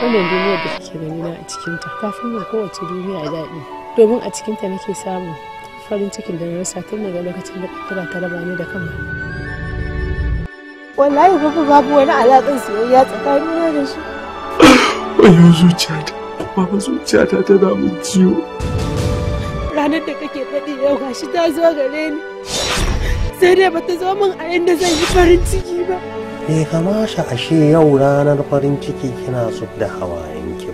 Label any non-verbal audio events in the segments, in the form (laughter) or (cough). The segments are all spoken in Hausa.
wannan duniyar da kake da na a cikinta ta fi min kowace duniya daɗi domin a cikinta nake samun farin cikin da na rasa tun daga lokacin da kaddara ta raba ni da kanmu wallahi babu babu wani alaƙar soyayya tsakanina da shi wayo zuciyata babu zuciyata ta damu ciwo ranar da kake faɗi yau shi ta zo gare ni sai dai bata zo min a yanda zan yi farin ciki ba bai kamasha ashe yau ranar farin ciki kina zub da hawayen ki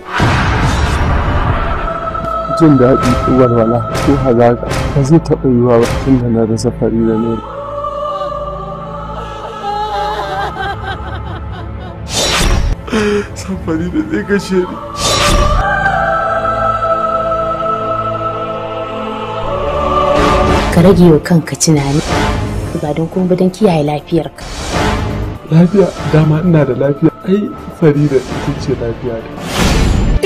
jin daɗi ko walwala ko hazaƙa ba zai taɓa yiwa ba tun da na rasa fari da nuri san fari da zai kashe ni ka rage wa kanka tunani ba don kuma don kiyaye lafiyarka lafiya dama ina da lafiya ai farida ita ce lafiya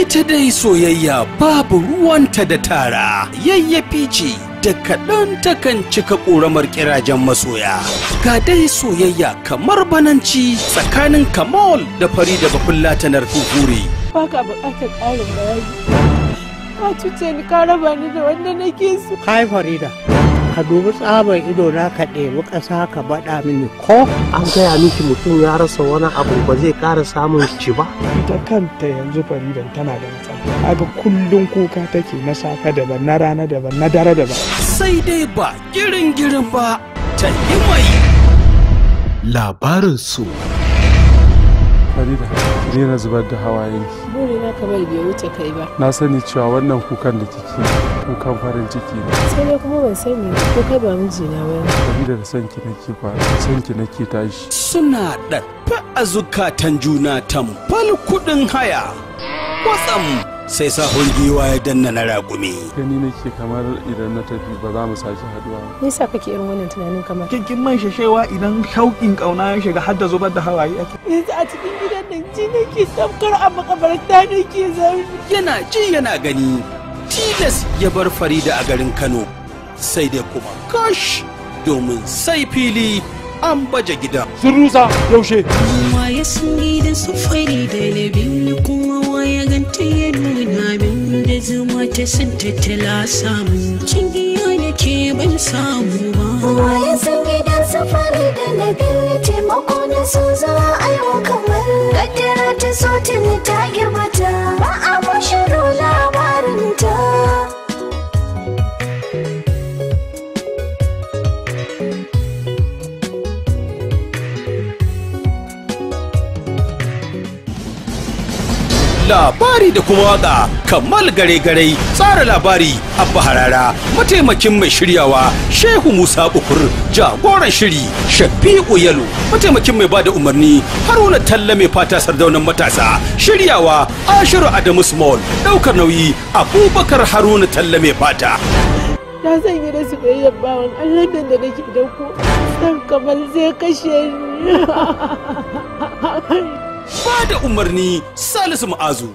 ita dai soyayya babu ruwanta da tara yayyafi ce da kaɗan takan cika ƙoramar ƙirajen masoya ga dai soyayya kamar bananci tsakanin kamal da farida bakulla ta narkuhuri ba ka buƙatar ƙarin bayani ka cuce ni ka raba ni da wanda nake so kai farida ka dubi tsabar ido na ka ɗebi ƙasa ka baɗa mini ko an gaya miki mutum ya rasa wani abu ba zai ƙara samun shi ba ita kanta yanzu faridan tana da matsala aga kullum kuka take na safe daban na rana daban na dare daban sai dai ba girin girin ba ta yi mai labarin su farida ni na zubar da hawayenki buri na kamar bai wuce kai ba na sani cewa wannan kukan da kike kukan farin ciki ne sai dai kuma ban sani ko kai ba na ba ne da da sanki nake san sanki nake tashi suna fa a zukatan juna tamfal kuɗin haya kwatsam sai sahun hulgiwa ya danna na ragumi. Gani nake kamar idan na tafi ba za mu sake haduwa. Me yasa kake irin wannan tunanin kamar? Kinkin man shashewa idan shauƙin ƙauna ya shiga har da zubar da hawaye ake. Ni a cikin gida nan ji ke tamkar a makabarta ke zaune. Yana ji yana gani tilas ya bar Farida a garin Kano sai dai kuma kash domin sai fili an baje gida. Sun rusa yaushe. Kuma ya sun gidan su Farida na biyu kuma waya ganta ya nuna min da zama ta sun tattala samun cin ke ban samu ba. Kowa ya san gidan safari da na gani taimako na so zama aiwa kamar. Gaddara ta so ta ta girmata ba a bushe warinta. labari da kuma waka kamal gare gare tsara labari abba harara mataimakin mai shiryawa shehu musa bukur jagoran shiri shafi'u yalo mataimakin mai bada umarni haruna talla mai fata sardaunan matasa shiryawa ashiru adamu small daukar nauyi abubakar haruna talla mai fata na zan yi da soyayyar bawan allah da nake dauko, ku san kamar zai kashe ni (laughs) ba da umarni salisu ma'azu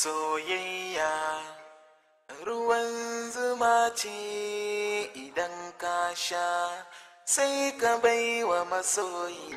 soyayya ruwan zuma ce idan ka sha sai ka bai wa masoyi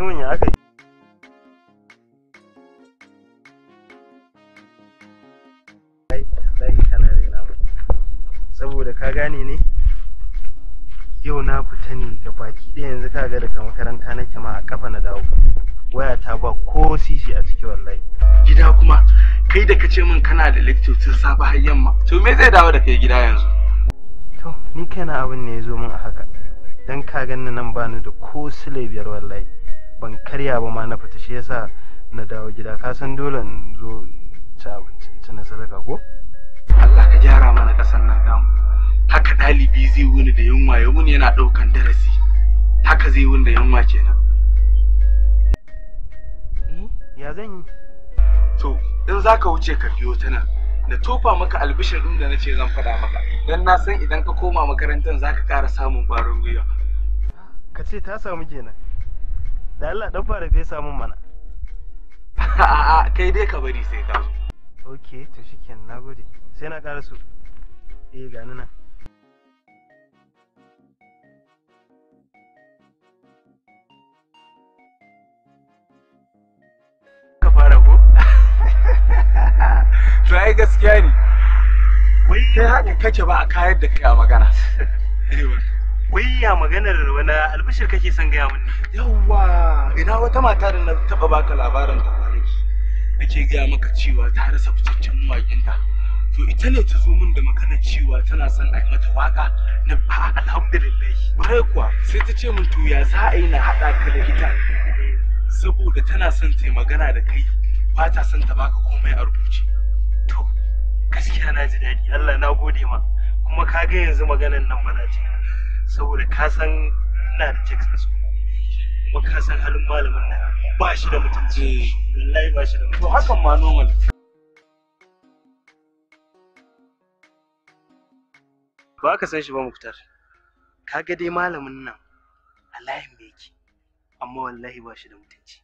mutumin ya aka yi. saboda ka gane ne yau na fita ne ga baki ɗaya yanzu ka ga daga makaranta na ma a kafa na dawo waya ta ba ko sisi a ciki wallahi gida kuma kai da ka ce min kana da lecture tun safa har yamma to me zai dawo da kai gida yanzu to ni kaina abin ne ya zo min a haka dan ka ganni nan bani da ko sile biyar wallahi ban karya ba ma na fita shi yasa na dawo gida ka san dole in zo ci abinci ci na sadaka ko Allah ka gyara mana kasan nan ka haka ɗalibi zai wuni da yunwa ya wuni yana ɗaukan darasi haka zai wuni da yunwa kenan Eh ya zan yi to in za ka wuce ka biyo ta nan da tofa maka albishir ɗin da na ce zan faɗa maka don na san idan ka koma makarantar za ka ƙara samun barin gwiwa ka ce ta samu kenan da Allah dan fara fesa mun mana (laughs) a'a kai dai ka bari sai ka zo ok to shikenan nagode sai na ƙara su eh ga nan ka fara ko (laughs) to ai gaskiya ne wai kai haka kake ba a kayar da kai a magana (laughs) wai maganar wani albishir kake son gaya mun yawwa ina wata mata da na taba baka labarin ta kwanaki nake gaya maka cewa ta rasa fitaccen mawaƙinta to ita ne ta zo min da magana cewa tana son a yi mata waka na ba alhamdulillah bai kuwa sai ta ce min to ya za a yi na haɗa ka da ita saboda tana son ta yi magana da kai ba ta son ta baka komai a rubuce to gaskiya na ji daɗi Allah na gode ma kuma ka ga yanzu maganar nan ba za saboda ka san ina da text su kuma ka san halin malamin nan ba shi da mutunci eh. wallahi ba shi da mutunci to hakan ma normal ba ka san shi ba muktar ka ga dai malamin nan a layin me yake amma wallahi ba shi da mutunci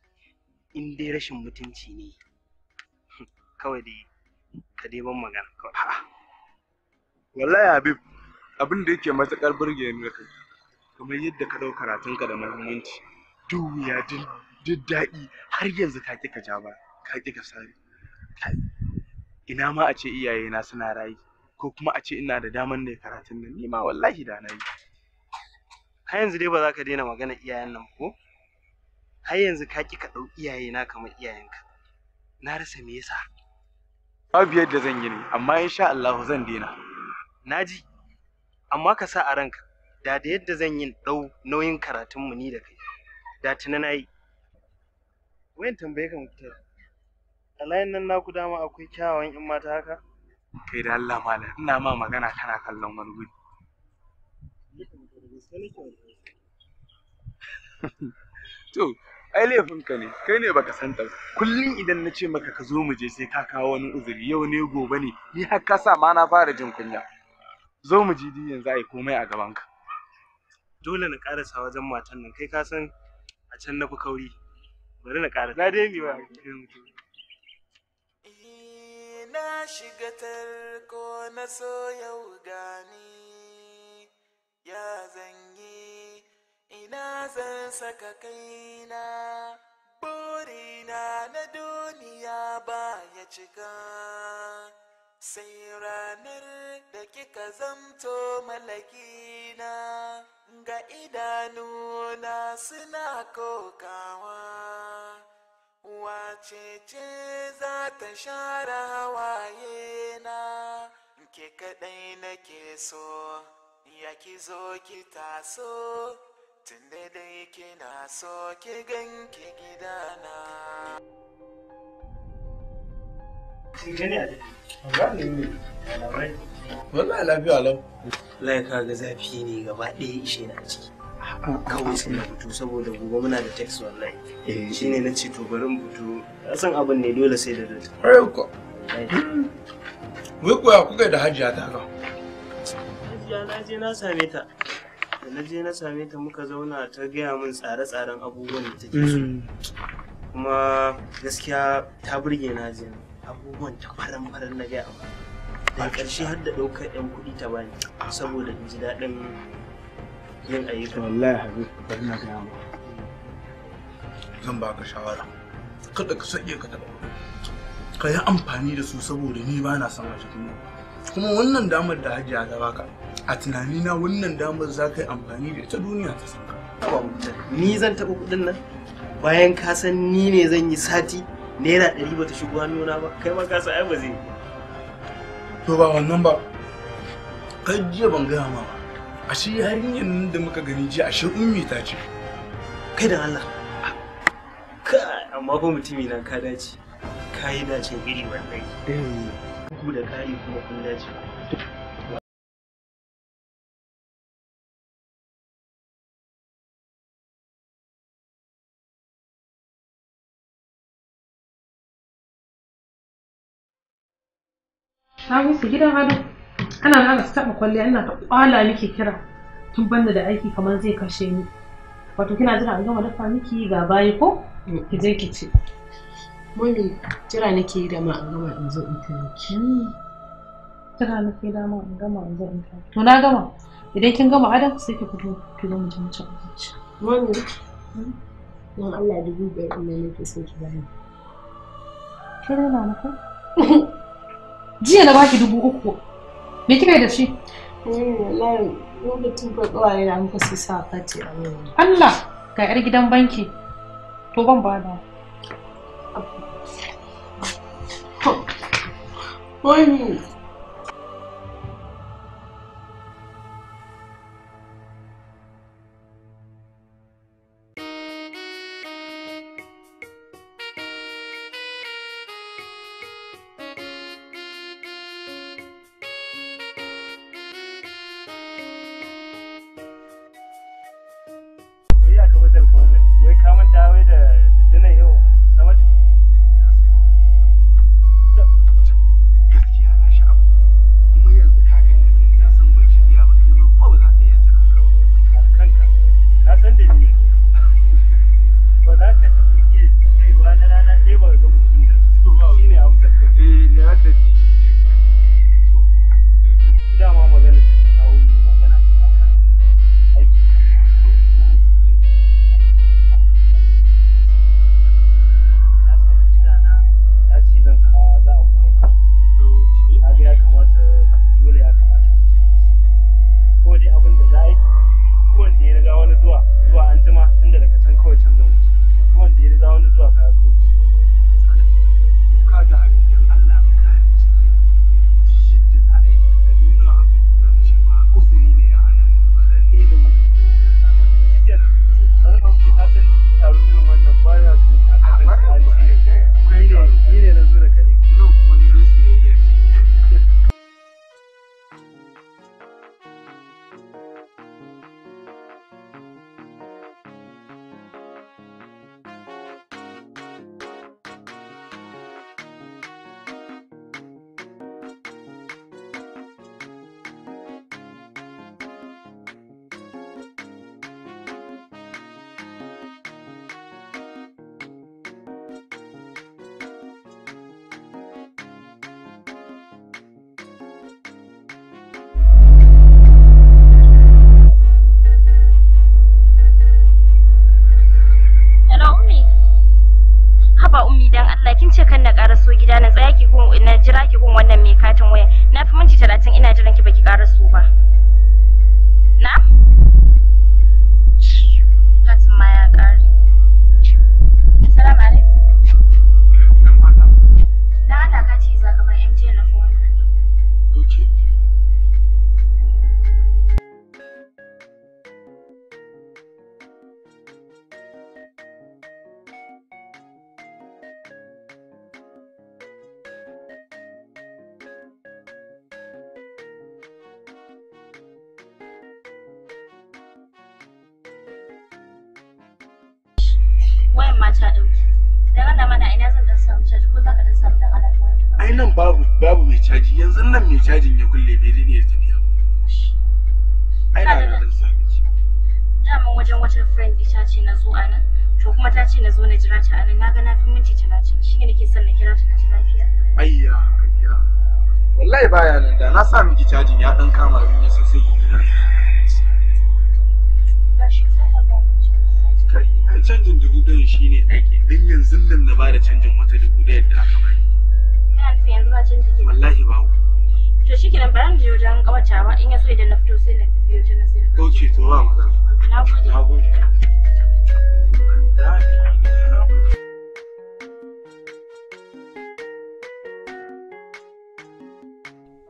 in dai rashin mutunci ne (laughs) kawai dai ka dai ban magana kawai wallahi habib abin da yake matuƙar burge ni kai kamar yadda ka ɗau karatunka da muhimmanci duk wuya duk daɗi har yanzu ka ƙi ka ja ba ka ƙi ka sare ina ma a ce iyayena suna rayu ko kuma a ce ina da daman da karatun nan ni ma wallahi da na yi har yanzu dai ba za ka daina magana iyayen nan ko har yanzu ka ƙi ka ɗau iyayena kamar iyayenka na rasa me yasa babu yadda zan yi ne amma insha Allah zan daina naji amma ka sa a ranka da da yadda zan yi ɗau nauyin karatunmu ni da kai da tuni na yi wayan tambaye ka mutar a layin nan naku dama akwai kyawawan in mata haka kai da Allah malam ina ma magana kana kallon wani guri to ai laifinka ne kai ne baka santa ba kullum idan na ce maka ka zo mu je sai ka kawo wani uzuri yau ne gobe ne ni har ka sa ma na fara jin kunya zo mu ji za a yi komai a gabanka dole na karasa wajen matan nan kai ka san a can na fi kauri bari na karasa na dai ba na shiga tarko na so yau gani ya zanyi ina zan saka kaina burina na duniya ba ya cika sai ranar da kika zamto malakina ga idanuna suna kokawa wace ce za ta share hawaye na ke kaɗai nake so ya ki zo ki taso tun dai kina so ki gan ki gidana Wallahi lafiya lau. Lai ka ga zafi ne gaba ɗaya ishe na ciki. Kawai sai na butu saboda gobe muna da text wallahi. Shi ne na ce to bari butu? San abin ne dole sai da dole. Ai Wai koya kuka da hajiya ta haka. Hajiya na je na same ta. Da na je na same ta muka zauna ta gaya min tsare-tsaren abubuwan da take so. Kuma gaskiya ta burge na hajiya. abubuwan ta farar faran na gaya amma daga ƙarshe har da ɗaukar ɗan kuɗi ta bani saboda in ji daɗin yin ayyuka wallahi habi bari na ga amma. zan baka shawara kada ka sake ka taɓa ka yi amfani da su saboda ni ba na son a cikin kuma wannan damar da hajiya ta baka a tunanina wannan damar za ka yi amfani da ita duniya ta sanka ni zan taɓa kuɗin nan bayan ka san ni ne zan yi sati naira ɗari ba ta shigo hannuna ba kai ma ka ai ba zai to ba wannan ba kai jiya ban gaya ma a shi yarinyar nan da muka gani jiya a shi ummi ta ce kai da Allah kai amma ko mutumi na ka dace ka yi dacen iri wannan eh. ku da kai kuma kun dace Shagusu gidan hadu Ana na su taɓa kwalliya ina ta kwala miki kira. Tun banda da aiki kamar zai kashe ni. Wato kina jira an gama dafa miki ga bayi ko? Ki je ki ci. Mami jira nake yi da ma an gama in zo in ta miki. Hmm. Jira nake da ma an gama in zo in ta. To na gama. Idan kin gama adam sai ki fito ki zo mu ci mu abinci. Mami. Hmm? Don Allah dubu biyar ɗin nan nake so ki bani. Kira na nufin? (laughs) jiya na baki dubu uku me kika da shi lokacin ya sa Allah ga yar gidan banki to ban ba da Oi, na sa miki cajin ya dan kama abin ya sosai kai ai canjin dubu ɗaya shi ne aiki din yanzu nan na bada canjin wata dubu ɗaya da aka bani Wallahi ba ku. to shi kenan da mu je wajen ba, in ya so idan na fito sai na biyo ta na sai na kauce to ba magana na gode na gode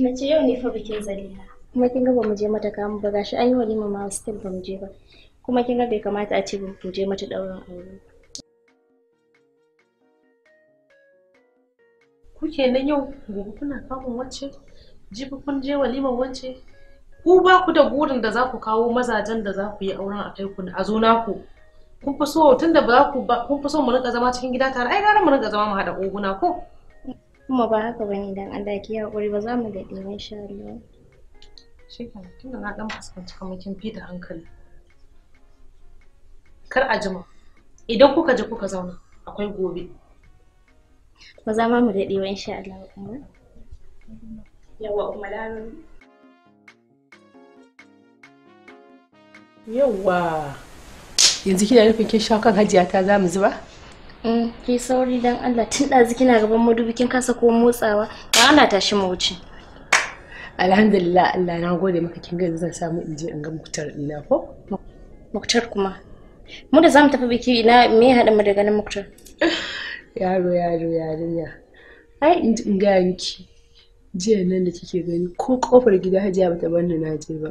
Na ce yau ne fa bikin Zalila. Kuma kin ga ba mu je mata kamu ba gashi an yi walima ma still ba je ba. Kuma kin ga bai kamata a ce ba mu je mata ɗaurin aure. Kuke nan yau gobe kuna kamun wacce? Jibi kun je walimar wacce? Ku ba ku da burin da za ku kawo mazajen da za ku yi auren a kai ku a zo naku. Kun fi so tun da ba ku ba kun fi so mu rinka zama cikin gida tare ai gara mu rinka zama mu haɗa oguna ko? kuma ba haka bane dan Allah ki hakuri ba za mu daɗe ba sha Allah shi kenan tunda na dan fuskanci kamar kin fita hankali kar a jima idan kuka ji kuka zauna akwai gobe ba za ma mu daɗe ba insha Allah kuma yawa kuma lamin yawa yanzu kina nufin kin sha kan hajiya ta za mu zuba ki eh, sauri dan Allah tun ɗazu kina gaban madubi kin kasa ko motsawa ba Allah tashi mu wuce alhamdulillah Allah na gode maka kin ga zan samu in in ga muktar ina ko muktar kuma mu da zamu tafi biki ina me ya hada mu da ganin muktar yaro yaro yarinya ai in ji in ga miki jiya nan da kike gani ko kofar gida hajiya bata bar ni na je ba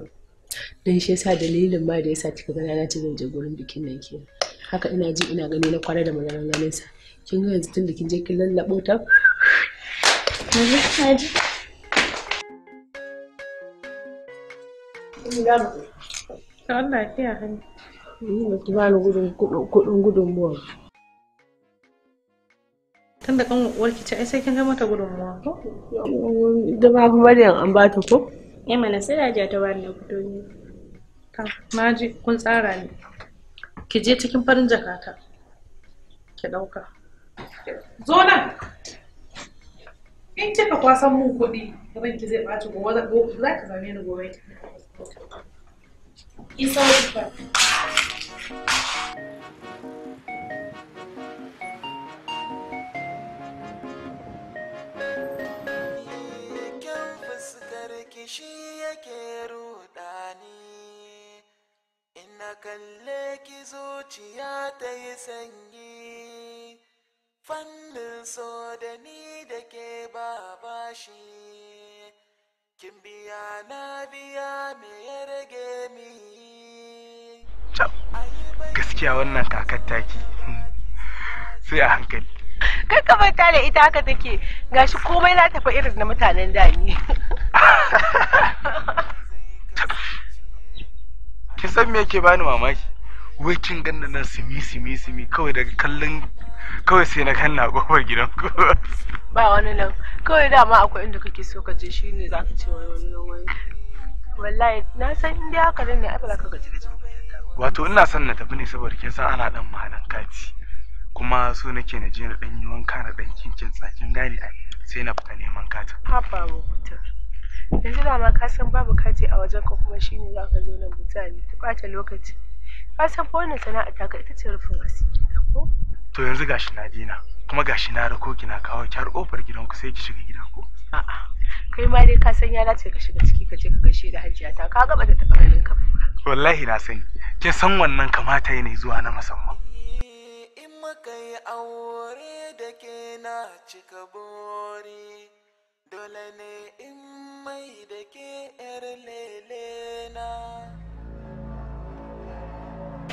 dan shi yasa dalilin ma da yasa kika gana na ce zan je gurin bikin nan kenan haka ina ji ina gani na kwana da maganar ganin sa kin ga yanzu tun da kin je kin lallabo ta Allah ya hannu. ta bani gudun kudin gudunmuwa. tun da kan uwarki ta, ai sai kin ga mata gudunmuwa ko da ba ku bari an ba ta ko eh mana sai da ta bani na fito ne ka maji kun tsara ne ki je cikin farin jakata ki ɗauka zo nan in kika kwasan mun kuɗi ki zai ɓaci gobe za ka zame ni gobe isa wuta shi yake rudani na kalle ki zuciya ta yi sanyi fannin so da ni da ke ba bashi kin biya na biya me ya rage mi gaskiya wannan kakar taki sai a hankali kai ka manta da ita haka take gashi komai na tafi irin na mutanen da (laughs) ki san me yake bani mamaki wai kin ganda nan simi simi simi kawai daga kallon kawai sai na kanna kofar gidan ku ba wani nan kawai dama akwai inda kake so ka je shine zaka ce wai wani wani wallahi na san inda haka ne ai ba ka gaji da wato ina son na tafi ne saboda kin san ana dan malan kati kuma so nake na je na dan yi wanka na dan kinkin tsakin gane sai na fita neman ha babu kutar yanzu dama ka san babu kati a wajen ka kuma shine za ka zo nan mutane ta ɓata lokaci ka san fa wannan sana'a ta ita ce rufin asiri na ko to yanzu gashi na dina kuma gashi na rako kina kawo ki har kofar gidanku sai ki shiga gida ko a'a kai ma dai ka san ya dace ka shiga ciki ka je ka gaishe da hajiya ta ka gaba da tabarin ka wallahi na sani kin san wannan kamata yana zuwa na musamman in muka yi aure da ke na cika bori dole ne in mai da ke yar lele na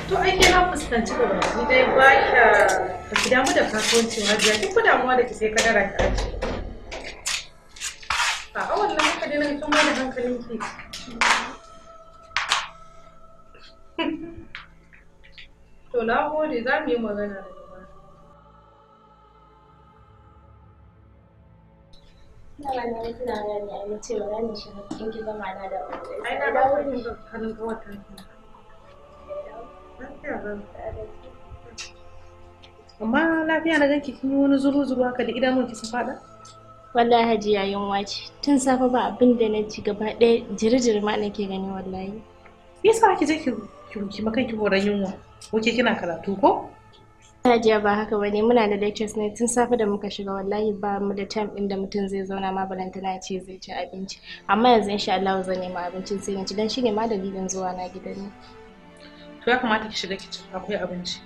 to ai ke na fuskanci gaba ni dai ba ka ba ki damu da kasuwancin hajiya kin fi damuwa da ki sai kadara ki aji a awon nan haka dai kin mai da hankalin ki (laughs) to na gode za mu yi magana da sama na yi a yi ce ba ki na ga watan Amma lafiya na ganki kin yi wani zuru zuru haka da idanun ki sun fada? Wallahi hajiya yayin wace Tun safe ba abin da na ci gaba ɗaya jiri-jiri ma nake gani wallahi. Me yasa ki je ki ki makan ki horon yunwa? Ko kina karatu ko? Hajiya ba haka ba ne muna da lectures ne tun safe da muka shiga wallahi ba mu da time din da mutum zai zauna ma balantana ce zai ci abinci amma yanzu insha Allah zan nema abincin sai ci dan shine ma dalilin zuwa na gidan ne to ya kamata ki shiga ki ci akwai abinci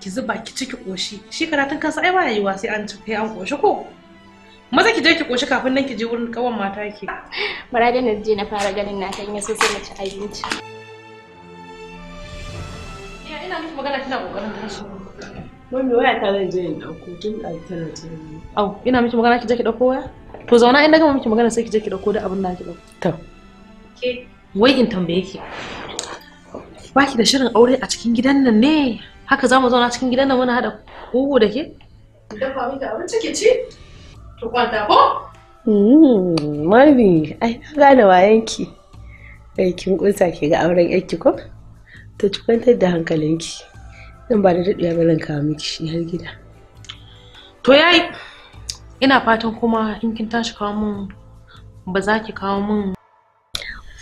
ki zuba ki ciki koshi shi karatun kansa ai ba yiwa sai an ci kai an koshi ko maza ki je ki koshi kafin nan ki je wurin kawan mata ki bara da na je na fara ganin na kan yaso sai na ci abinci ina miki magana kina kokarin tashi Mami waya ta zan je in ɗauko tun da tana tunani. Au, ina miki magana ki je ki ɗauko waya? To zauna in na gama miki magana sai ki je ki ɗauko da abin da ki ɗauko. To. Ke wai in tambaye ki. Ba ki da shirin aure a cikin gidan nan ne? Haka za mu zauna cikin gidan nan muna haɗa kogo da ke? Dafa miki abinci ki ci? To kwanta ko? Hmm, Mami, ai na gane wayanki. Bai kin ƙunsa ki ga auren yanki ko? ta ki kwantar da hankalinki. Zan ba da daɗewa ba zan kawo miki shi har gida. To yayi ina fatan kuma in kin tashi kawo min ba za ki kawo mun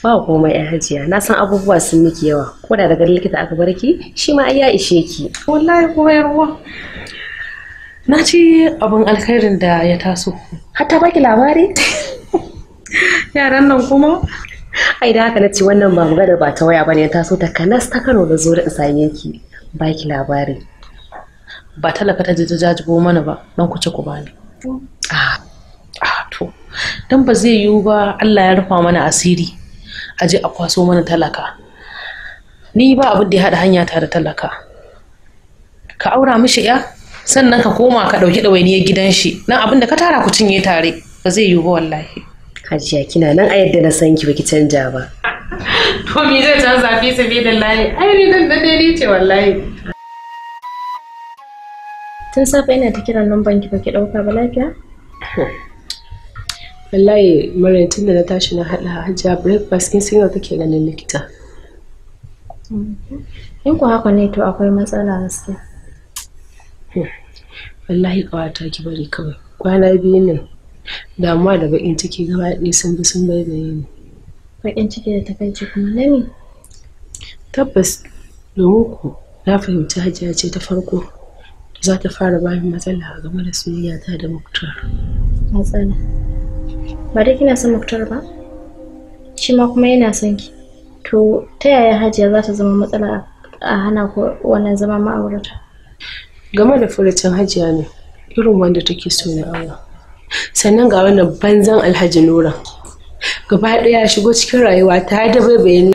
ba komai ya hajiya na san abubuwa sun miki yawa ko da daga likita aka bar ki shi ma ya ishe ki wallahi ruwa? na ci abin alkhairin da ya taso hatta baki labari (laughs) yaran nan kuma ai da haka na ci wannan ba maganar ba ta waya bane ya taso ta kanas ta Kano da zo da in same ki baki labari ba talaka ta je ta jajibo mana ba don ku ci ku bani ah, ah, to don ba zai yiwu ba Allah ya rufa mana asiri a je a kwaso mana talaka ni ba abin da ya haɗa hanya ta da talaka ka aura mishi ya sannan ka koma ka ɗauki ɗawainiyar gidan shi nan abin da ka tara ku cinye tare ba zai yiwu ba wallahi hajiya kina nan a yadda na san ki ki canja ba to me zai canza fi su bi da layi ai ni dan dade ni ce wallahi tun safe ina ta kiran numban ki baki dauka ba lafiya wallahi murin tun da na tashi na hada hajja breakfast kin sai take ganin likita mm-hmm. in ku haka ne to akwai matsala gaskiya hmm. wallahi kawata ki bari kawai kwana biyu ne. damuwa da bakin ciki gaba ɗaya sun bi sun bai yini. baƙin ciki da takaici kuma na tabbas domin ku na fahimci hajiya ce ta farko za ta fara bayan matsala a game da soyayya ta da muktar matsala ba dai kina son muktar ba shi ma kuma yana son ki to ta yaya hajiya za ta zama matsala a hana ku wannan zama ma'aurata game da furucin hajiya ne irin wanda take so na aure sannan ga wannan banzan alhaji nura gaba ɗaya shigo cikin rayuwa ta da bai bayani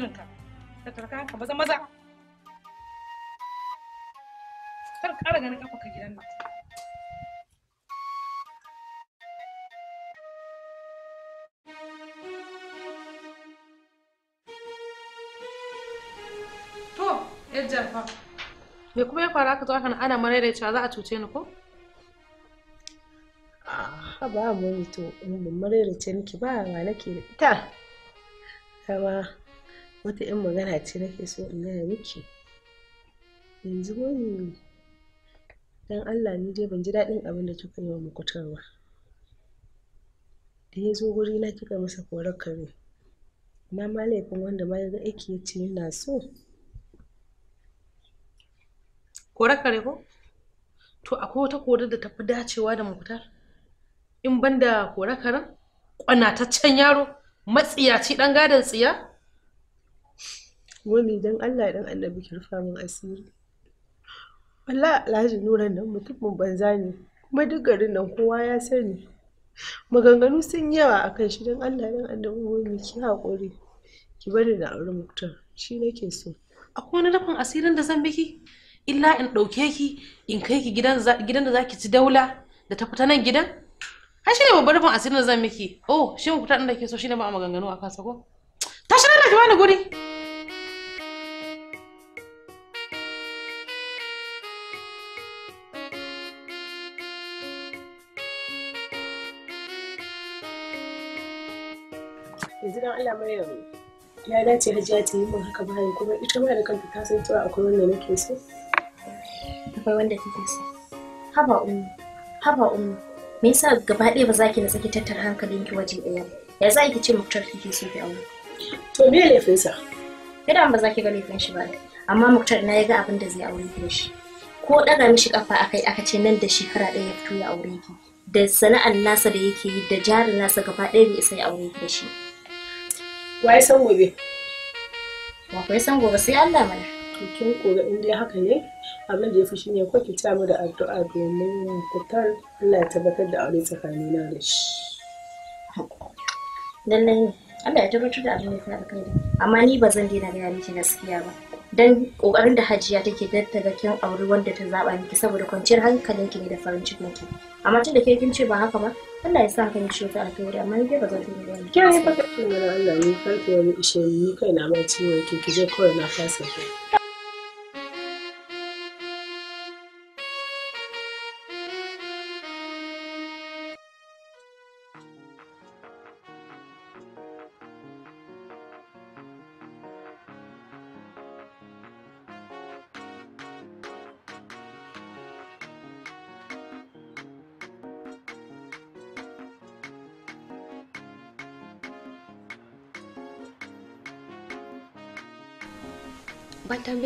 to me kuma ya fara ka zo haka ana mana da cewa za a cuce ni ko haba mun to murmurin ce miki ba wa nake da ita kama wata yan magana ce nake so in gaya miki yanzu wani don Allah ni dai ban ji daɗin abin da kika yi wa mukutarwa da ya zo guri na kika masa korar kare na ma laifin wanda ma ya ga aiki ya ce yana so korar kare ko to akwai wata korar da ta fi dacewa da mukutar in banda kore karen kwanataccen yaro matsiyaci dan gadon tsiya wani dan Allah dan annabi kirfa min asiri Allah Alhaji Nuran nan mutumin banza ne kuma duk garin nan kowa ya sani maganganu sun yawa akan shi dan Allah dan annabi wani ki haƙuri ki bari da aure mutum shi nake so akwai wani rafin asirin da zan biki illa in ɗauke ki in kai ki gidan da zaki ci daula da ta fita nan gidan Kai shine babbar rufin asirin zan miki. Oh, shin ku ta da ke so shine ba a maganganu a kasa ko? Tashi na ki wani guri. Yanzu dan Allah Maryam ya dace Hajiya ta yi mun haka bayan kuma ita ma da kanta ta san cewa akwai wanda nake so. Akwai wanda kike so. Haba umu, haba umu. me yasa gaba ɗaya ba za ki nasa ki tattara hankalin ki waje ɗaya ya za ki ce muktar ke so ki aure to me laifin sa kada ba za ki ga laifin shi ba amma muktar na ya ga abin da zai aure ki da shi ko ɗaga mishi a akai aka ce nan da shekara ɗaya ya fito ya aure ki da sana'ar nasa da yake yi da jarin nasa gaba ɗaya bai isa ya aure ki da shi waye san gobe wa kai san gobe sai Allah mana kin kore in dai haka ne abin da ya fi shine ko ki ta mu da addu'a domin fitar Allah ya tabbatar da aure tsakanina da shi lallai Allah ya tabbatar da abin da ya fi kai amma ni ba zan daina gaya miki gaskiya ba dan kokarin da hajiya take dattaga kin aure wanda ta zaba miki saboda kwanciyar hankalinki ne da farin cikin ki amma tunda ke kin ce ba haka ba Allah ya sa haka ne shi ta alƙawari amma ni ba zan daina gaya miki kin ba ka kin Allah ne farko wani ishe ni kai na ma ciwo ki ki je kawai na fasa ki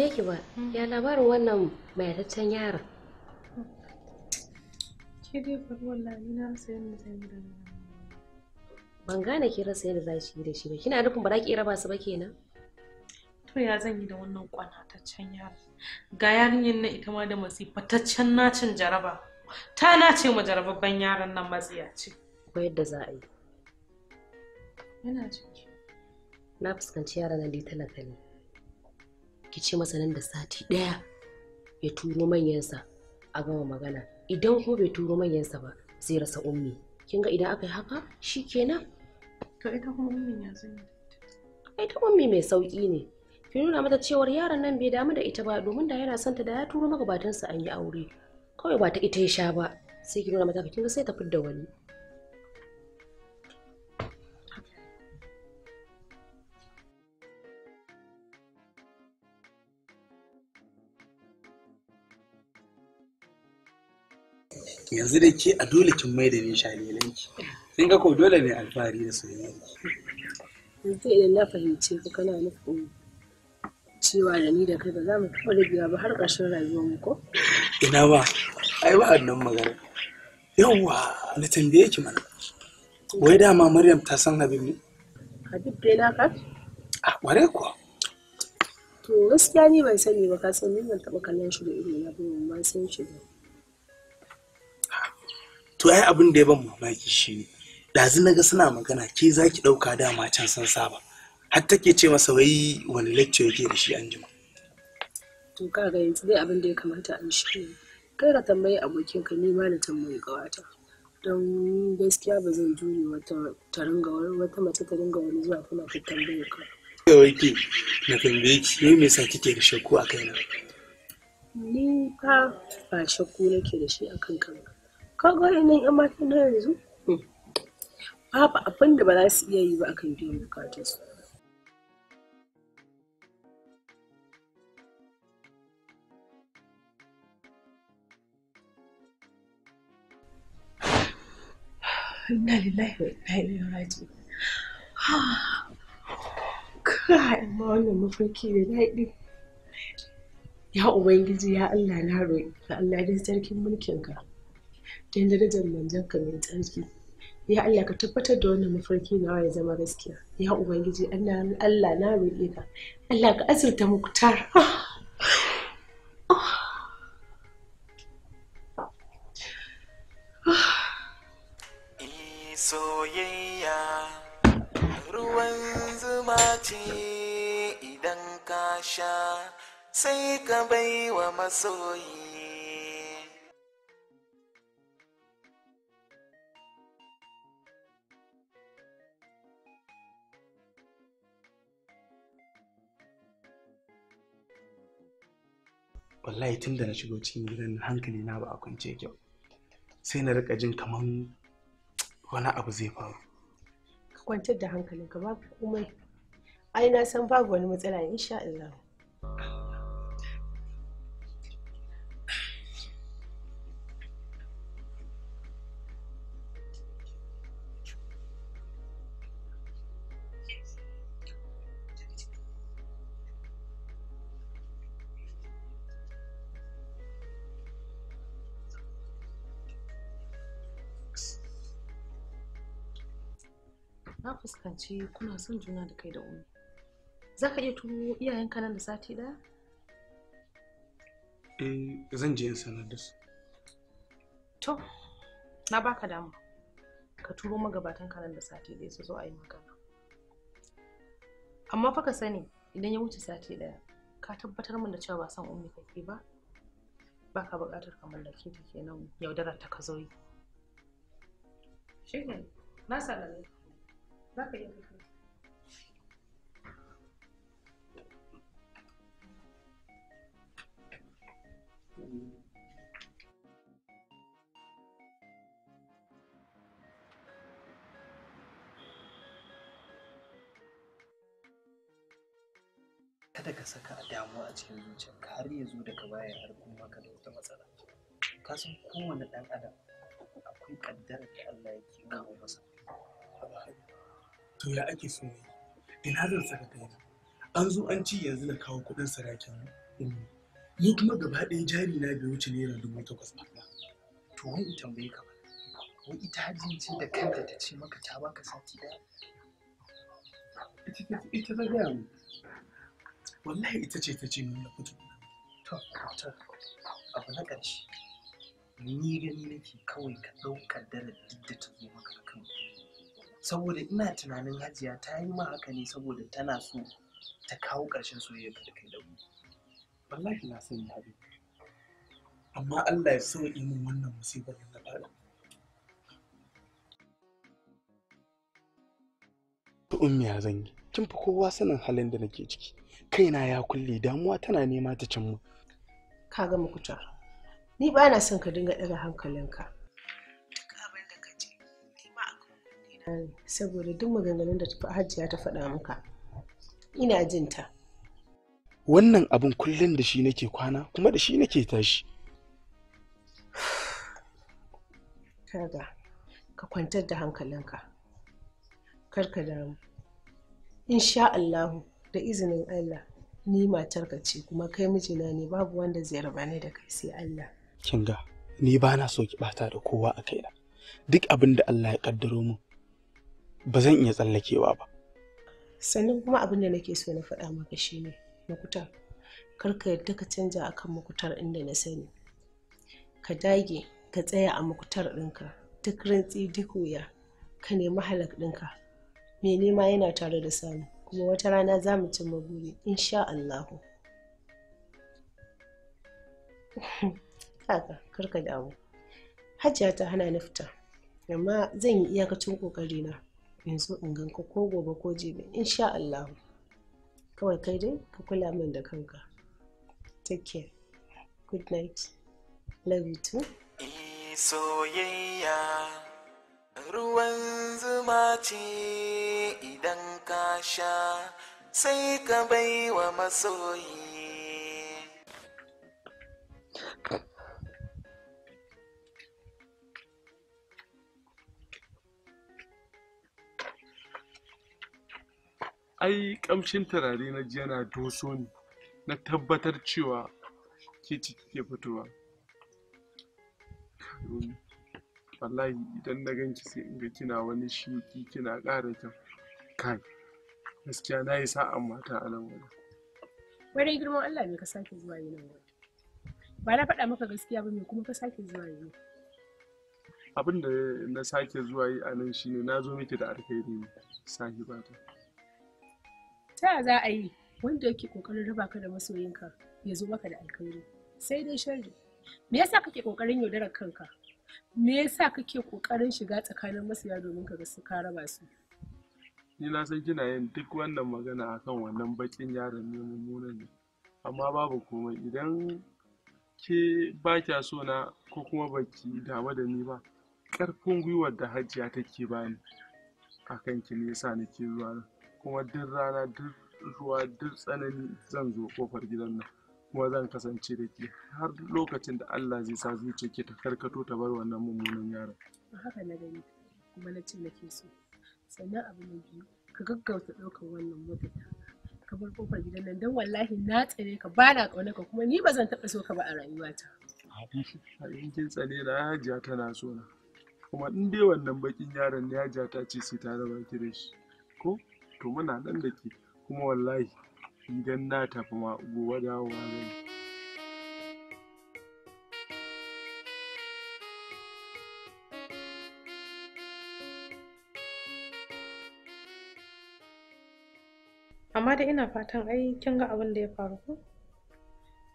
ki ba ya labarin wannan mayataccen yaron ki dai faru wallahi na rasa yadda zai yi da ban gane ki rasa yadda za ki yi da shi ba kina nufin ba za ki raba su ba kenan to ya zan yi da wannan kwanataccen yaron ga yarinyar na ita ma da masifataccen nacin jaraba ta nace ma jarababban yaron nan matsiya ce ko yadda za a yi yana ciki na fuskanci yaran nan dai talaka ne rikice masa nan da sati ɗaya ya turo manyansa a gama magana idan ko bai turo manyansa ba zai rasa ummi kin ga idan aka yi haka shi kenan to ita kuma ummi ya zai ita ummi mai sauki ne ki nuna mata cewar yaron nan bai damu da ita ba domin da yana santa da ya turo magabatansa an yi aure kawai ba ta ita ya sha ba sai ki nuna mata kin ga sai ta fidda wani yanzu da ke a dole kin mai da ni shalilanki sun ga ko dole ne alfahari da soyayya yanzu idan na fahimce ka kana nufin cewa da ni da kai ba za mu taɓa rabewa ba har ƙarshen rayuwar mu ko ina ba ai ba annan magana yawwa na tambaye ki mana wai dama maryam ta san habib ne habib dai na ka a ware kuwa to gaskiya ni ban sani ba ka san ni ban taɓa kallon shi da ido na ba ban san shi ba to ai abin da ya ban mamaki shi ne ɗazu na ga suna magana ke za ki ɗauka dama can san saba har take ce masa wai wani lecture yake da shi an jima. to ka ga yanzu dai abin da ya kamata a shi ne kai ka tambayi abokinka ni ma na tambayi kawata, don gaskiya ba zan jure wata ta ringa wata mace ta ringa wani zuwa tana ka tambaye ka. kawai ke na tambaye ki ne me yasa kike da shakku a kaina. ni fa ba shakku nake da shi akan kan kaga wayannan yan matan na yanzu hmm. babu abin da ba za su iya yi ba akan biyan bukatunsu inna lillahi wa inna ilaihi raji'un kai amma wannan mafarki da daɗi ya ubangiji ya allah na roƙi ka allah da sarkin ka. dan darajar ka mai tsarki ya Allah ka tabbatar da wannan mafarki na ya zama gaskiya ya ubangiji Allah na roƙe ka Allah ka azurta muktar soyayya ruwan zuma ce idan ka sha sai ka baiwa masoyi wallahi tun da na shigo cikin gidan hankali na ba a kwance kyau sai na rika jin kamar wani abu zai faru ka kwantar da hankalinka babu komai ai na san babu wani matsala insha Allah na fuskanci kuna son juna da kai da umi za ka iya turo iyayenka nan da sati ɗaya? eh zan je in sanar da su to na baka dama ka turo magabatan ka nan da sati ɗaya su zo a yi magana amma fa ka sani idan ya wuce sati ɗaya ka tabbatar min da cewa ba san umi kake ba ba ka buƙatar ka mallake ta kenan yaudarar ta ka zo yi shi ne na sallame kada ka saka a damu a cikin ka har ya zo daga baya har kuma ka da wata matsala ka san kowane ɗan adam akwai ƙaddarar da Allah ya kiwo masa to ya ake so yi, ina zan saka kaina an zo an ci yanzu na kawo kuɗin sadakin ummi ni kuma gaba ɗaya jari na bai wuce naira dubu takwas ba to wani tambaye ka ba wai ita hajjin ce da kanta ta ce maka ta baka sati ɗaya ita ta gaya mu wallahi ita ce ta ce mun na fito to ta abu na ƙarshe ni gani nake kawai ka ɗaukar dala duk da ta zo maka akan saboda ina tunanin hajiya ta yi ma haka ne saboda tana so ta kawo ƙarshen soyayya da kai da mu wallahi na sani habi amma Allah ya so min wannan musibar da na to ummi ya zan yi kin fi kowa sanin halin da nake ciki kaina ya kulle damuwa tana nema ta cin mu kaga mukuta ni ba na son ka dinga ɗaga hankalinka saboda duk maganganun da hajjiya ta faɗa maka ina jin ta wannan abin kullum da shi nake kwana kuma da shi nake tashi kaga ka kwantar da hankalinka karka damu insha Allahu da izinin Allah ni matarka ce kuma kai mijina ne babu wanda zai raba ni da kai sai Allah kinga ni ba na so ki bata da kowa a kaina duk abin da Allah ya kaddaro mun ba zan iya tsallakewa ba sannan kuma abin da nake so na faɗa maka shine makutar kar ka yarda ka canja akan makutar inda na sani ka dage ka tsaya a makutar ɗinka duk rantsi duk wuya ka nemi halak ɗinka mai nema yana tare da samu kuma wata rana za mu cimma buri insha Allahu (laughs) haka karka damu hajiya ta hana ni fita amma zan yi iyakacin ƙoƙarina in gan in ko gobe ko jibi insha allahu kawai kai dai ka kula min da kanka take care good night love you too soyayya ruwan zuma ce idan ka sha sai ka baiwa masoyi ai kamshin turare na ji yana doso ne na tabbatar cewa ke ciki ke fitowa wallahi idan na ganki sai in ga kina wani shiki kina ƙara kyau kai gaskiya na yi sa'an mata a nan wani wani girman Allah ne ka sake zuwa yi nan wani ba na faɗa maka gaskiya ba me kuma ka sake zuwa yi abin da na sake zuwa yi a nan shine na zo miki da alkhairi ne sahiba ta ta za a yi wanda yake kokarin raba ka da masoyinka ya zo maka da alkhairi sai dai sharri me yasa kake kokarin yaudara kanka me yasa kake kokarin shiga tsakanin masoya domin ka ga su ka raba su ni na san kina yin duk wannan magana akan wannan bakin yaron ne mummunan ne amma babu komai idan ke ba kya so na ko kuma baki damu da ni ba ƙarfin gwiwar da hajiya take bani akan ki ne yasa nake zuwa nan kuma duk rana duk ruwa duk tsanani zan zo kofar gidan nan kuma zan kasance da ke har lokacin da Allah zai sa zuciyarki ta karkato ta bar wannan mummunan yaron. Haka na gani kuma na na nake so. Sannan abu na biyu ka gaggauta ɗaukar wannan motar ka bar kofar gidan nan don wallahi na tsare ka ba na ƙaunar ka kuma ni ba zan taɓa so ka ba a rayuwata. A kin tsare na hajiya tana so na. Kuma in dai wannan bakin yaron ne hajiya ta ce sai ta raba ki da shi. Ko? to muna nan da ke kuma wallahi idan na tafi ma gobe dawowa zan amma dai ina fatan ai kin ga abin da ya faru ko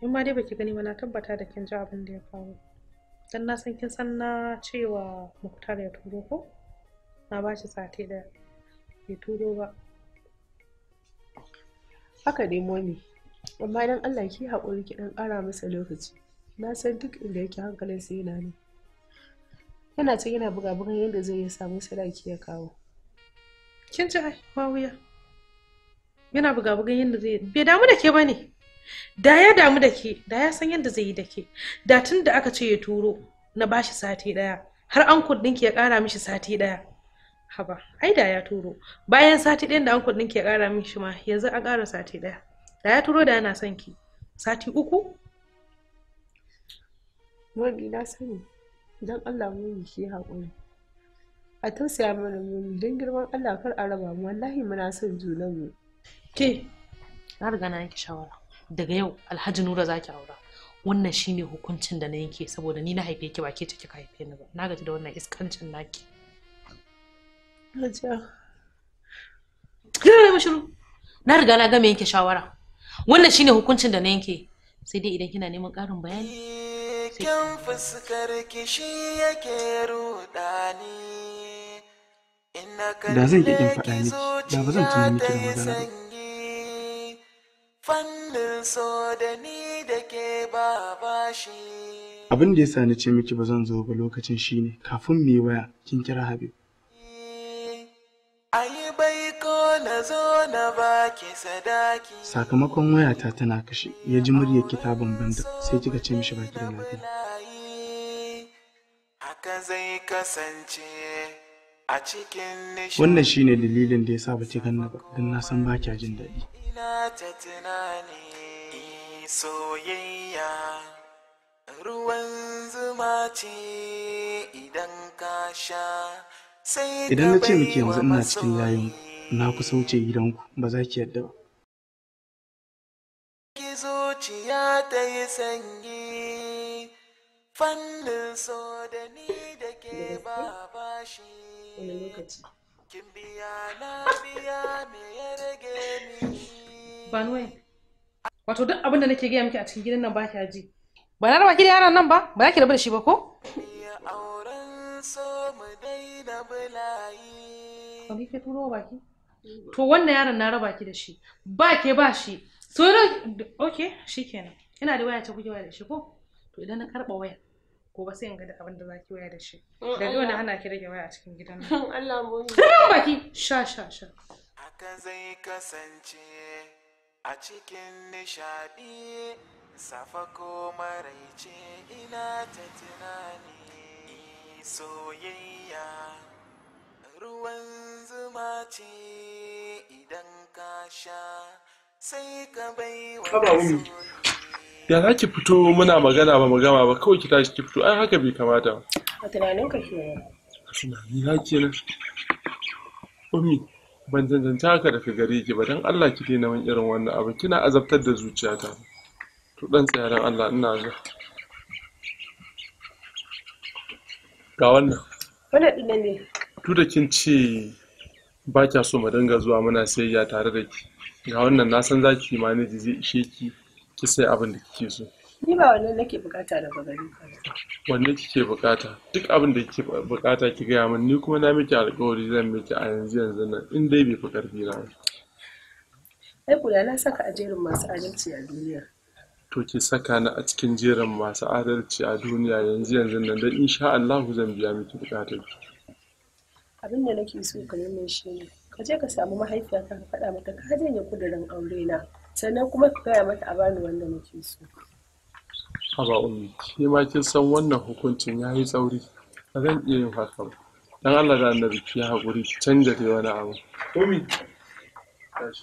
in ma dai baki gani ba na tabbata da kin ji abin da ya faru dan na san kin san na cewa muktar ya turo ko na ba shi sati daya bai turo ba haka ne momi amma dan allah ki haƙuri ki ɗan ƙara masa lokaci na san duk inda yake hankalin sai yana ne yana ta yana buga bugan yadda zai iya samu sadaki ya kawo kin ci ai wuya yana buga bugan yadda zai bai damu da ke ba ne da ya damu da ke da ya san yadda zai yi da ke da tun da aka ce ya turo na bashi sati ɗaya har an ki ya ƙara mishi sati ɗaya haba ai da ya turo bayan sati ɗayan da an kuɗin ke ƙara min shi ma yanzu an ƙara sati ɗaya da ya turo da yana son ki sati uku Mami na sani don Allah mu shi haƙuri a tausaya mana mu don girman Allah kar a raba mu wallahi muna son junan mu ke na riga na yanke shawara daga yau Alhaji Nura zaki aura wannan shine hukuncin da na yanke saboda ni na haife ki ba ke ciki ka haife ni ba na gaji da wannan iskancin naki Na riga na gama yanke shawara. Wannan shine hukuncin da na yanke. Sai dai idan kina neman ƙarin bayani. Kyan fuskar shi yake rudani. Da zan ƙi kin faɗa miki, da ba zan tuna miki da magana ba. Fannin so da ni da ke ba bashi. Abin da ya sa ni ce miki ba zan zo ba lokacin shine kafin mu yi waya kin kira Habib. Ayi bai ko na na baki sadaki. Sakamakon wayata tana kashe, ya ji muryar kita bambanta sai kika ce mishi baki da lafiya. a cikin Wannan shine dalilin da ya sa ba ki ganna ba, don na san baki jin daɗi. Ina ta tunani soyayya. Ruwan zuma ce idan ka sha Idan na ce miki yanzu ina cikin layin na kusa wuce gidanku ba za ki yadda ba. Banuwe, wato duk abin da nake gaya miki a cikin gidan nan ba ki ji. Ba na raba ki da yaron nan ba, ba za ki rabu da shi ba ko? so mu daina bulayi ko ni ke turo baki to wannan yaron na raba ki da shi ba ke ba shi so okay shikenan ina da waya ta kuke waya da shi ko to idan na karba waya gobe sai in ga da abin da za waya da shi mm, da yau na hana ki rage waya a cikin gidan nan (laughs) Allah mu baki sha sha sha haka zai kasance a cikin nishadi safa ko maraice ina ta tunani soyayya ruwan zuma ce idan ka sha sai ka bai wa ya za ki fito muna magana ba magana ba kawai ki tashi ki fito ai haka bai kamata ba a tunanin ka ke tunani ke kenan ummi ban cancanta haka daga gare ki ba don Allah ki daina wani irin wannan abu kina azabtar da zuciyata to dan tsayaran don Allah ina zuwa ga wannan wannan ɗin ne duk da kin ce ba kya so mu dinga zuwa muna sayayya tare da ki ga wannan na san za ki maniji zai ishe ki ki sai abin da kike so ni ba wannan nake bukata daga gare ka wanne kike bukata duk abin da kike bukata ki gaya mun ni kuma na miki alƙawari zan miki a yanzu yanzu nan in dai bai fi karfi na ai kula na saka ajerin masu adalci a duniya to ke saka ni a cikin jerin masu adalci a duniya yanzu yanzu nan don insha Allahu zan biya miki bukatar ki abin da nake so ka yi shi ne ka je ka samu mahaifiyata ka faɗa mata ka janye kudirin aure na sannan kuma ka gaya mata a bani wanda nake so haba ummi ke ma kin san wannan hukuncin yayi tsauri ba zan iya yin haka ba dan Allah da annabi ki hakuri ki canja dai wani abu ummi tashi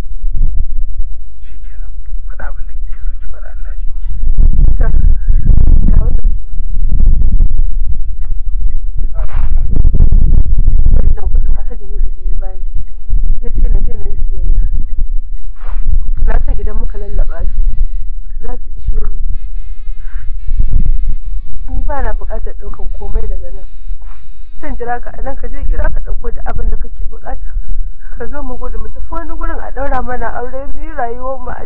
na ji idan muka lallaba su za su ba na buƙatar ɗaukar komai daga nan zan jira ka a nan ka je ka da buƙata ka zo mu gudu mu tafi wani gurin a ɗaura mana aure mu yi rayuwar mu a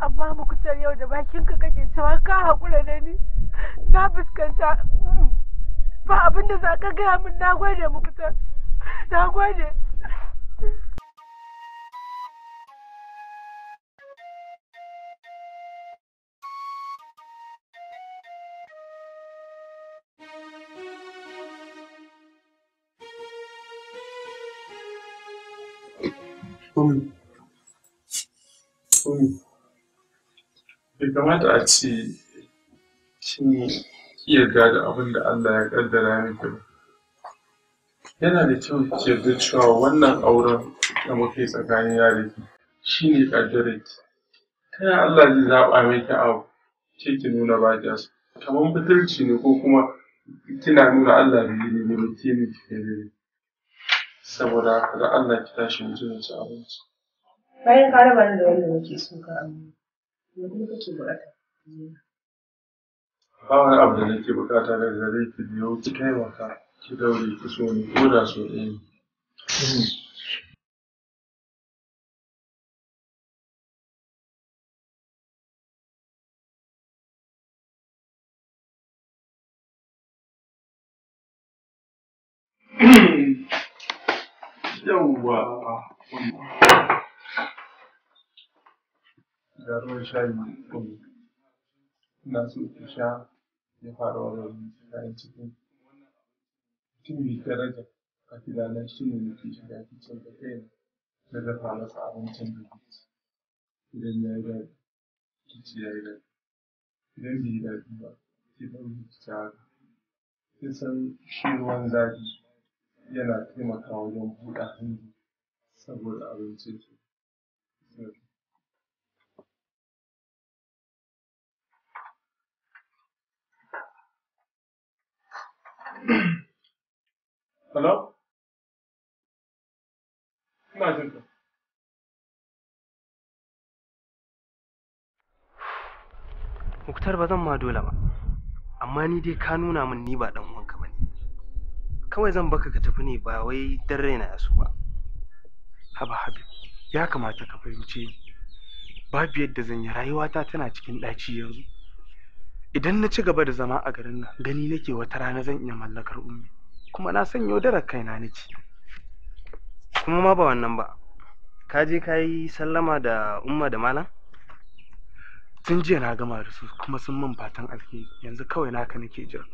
amma mukutar yau da bakinka kake cewa ka haƙura da ni na fuskanta mm. ba abin da za ka gaya min na gode mukutar na gode Mm-hmm. bai kamata a ce ne yarda da abin da Allah ya kaddara miki ba yana da kyau ki yarda cewa wannan auren da muka tsakanin yari shi ne kaddarar ta yaya Allah zai zaɓa miki abu ce ki nuna ba ki so kamar butulci ne ko kuma kina nuna Allah bai yi ne ba ke ne kike ne saboda kada da Allah ki tashi mutum ya ci abinci bayan ka raba da wanda muke so ka Ba wani abu da nake buƙata daga gare ki biyo ki taimaka ki daure ki so ni ko da so ɗaya ne. yawwa da ruwan shayi mai ɗumi. Ina so ki sha ya fara warware kayan cikin. Mutum mai daraja a gidana shi ne shi da ake canza kaina na dafa masa abincin da ke Idan ya yi daɗi, kici ya yi daɗi. Idan bai yi daɗi ba, ki ɗauki ki ta haka. Ya san shi ruwan zafi yana taimakawa wajen buɗe hanji saboda abincin. Hello? Muktar ba zan ma dole ba, amma ni dai ka nuna min ni ba ɗan uwanka ba ne. Kawai zan baka ka tafi ne ba wai dan raina ya so ba. Haba Habib, ya kamata ka fahimce babu yadda zan yi rayuwata tana cikin ɗaci yanzu. idan na ci gaba da zama a garin nan gani nake wata rana zan iya mallakar ummi kuma na san yaudarar kaina nake kuma ma ba wannan ba ka je ka yi sallama da umma da malam tun jiya na gama da su kuma sun min fatan alheri yanzu kawai naka nake jira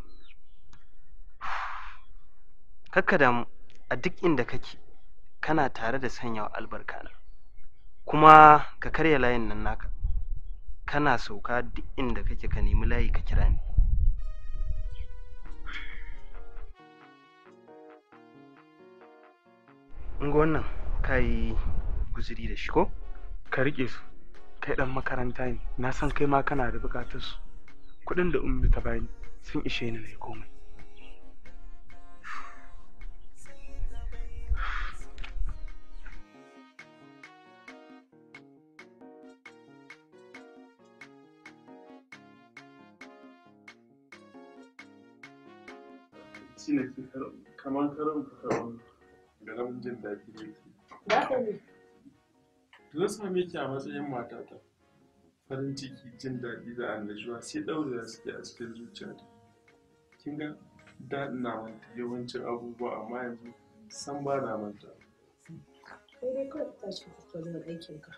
kakka damu a duk inda kake kana tare da sanyawa albarka na kuma ka karya layin nan naka kana sauka duk inda kake ka nemi layi ka kira ni in ga wannan ka yi guziri da shi ko ka riƙe su kai ɗan makaranta ne na san kai ma kana da buƙatar su kuɗin da ummi ta bani sun ishe ni na komai kamar karin fitaron garin jin daɗi ne ke. Za ka ne. Zan same ke a matsayin matata. Farin ciki, jin daɗi da annashuwa sai ɗaure da suke a cikin zuciyata. Kin ga daɗin na manta yawancin abubuwa amma yanzu san ba na manta. Kai dai kawai ta shi ka aikin aikinka.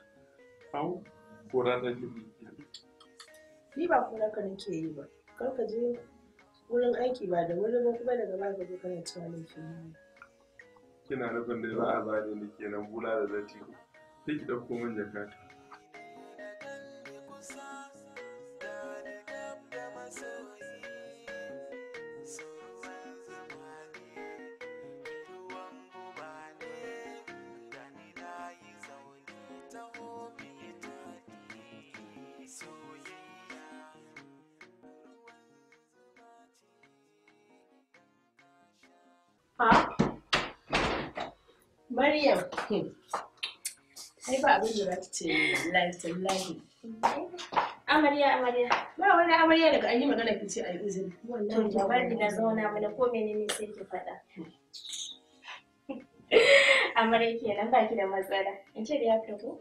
Au, kora ta ke Ni ba kora ka nake yi ba. Kar ka je wurin aiki ba da wuri ba kuma daga baka ka zo kana cewa laifi ne kina nufin da ba a bani ne kenan bula da zati ku sai ki dauko min jakata hajira ce amarya amarya ba wani amarya daga an yi magana ki ce ayi uzuri zauna mana ko menene sai ki faɗa hmm. (laughs) amarya kenan ba ki da matsala in ce da ya fito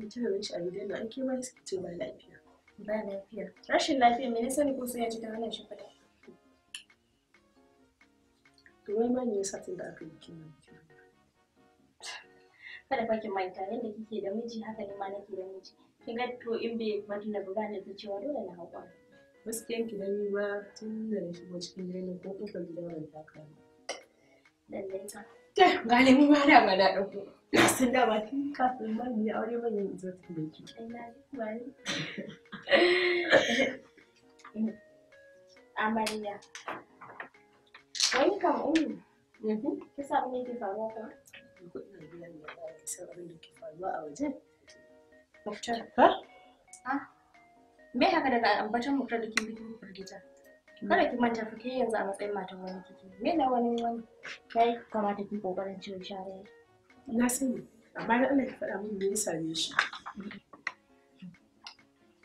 in ce da shi a gidan nan ke kada fa ki manta yadda kike da miji haka ni ma nake da miji kin ga to in bai madina ba bani da cewa dole na haƙura gaskiyan ki dan ba tun da na shigo cikin gari ko kuka gidan ban taka ba lallai ta ta gale mu ba da ba da dauko sun da ba tun kafin ma ni aure ban yin zo tun mhm. da ki amarya wani kam umu kisa samu ne ki faruwa kuma kuɗin da biyan da ba abin da ke faruwa a wajen. Me haka daga ambaton muftar da kin bikin firgita? Kada ki manta fa yanzu a matsayin matan wani kike. Me na wani wani? Kai kamata ki kokarin ciwo share. Na sani. Amma na Allah ki faɗa min me ya same shi.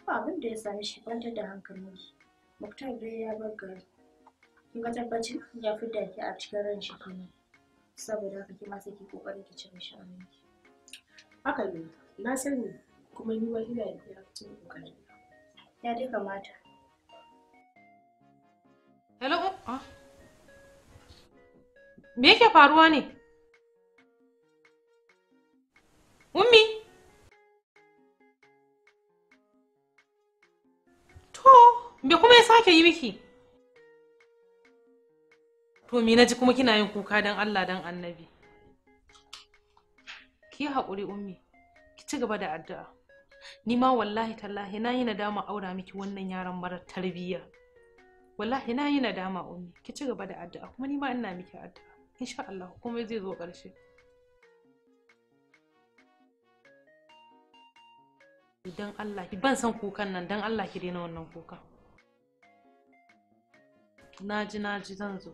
Ba abin da ya same shi kwantar da hankalinki. Muftar dai ya bar gari. Kin ga tabbacin ya fi da ki a cikin ran shi kenan. saboda haka kima sai ki kokari ki cire shi a haka ne na sani kuma ni ma ina da iyakacin kokari ya dai kamata hello ah me yake faruwa ne ummi to me kuma ya sake yi miki To me naji kuma kina yin kuka dan Allah dan Annabi. Ki haƙuri ummi, ki ci gaba da addu'a. Ni ma wallahi tallahi na yi nadama aura miki wannan yaron mara tarbiyya. Wallahi na yi nadama ummi, ki ci gaba da addu'a kuma ni ma ina miki addu'a. Insha Allah komai zai zo ƙarshe. Idan Allah ki ban san kukan nan dan Allah ki daina wannan kuka. Naji naji zan zo.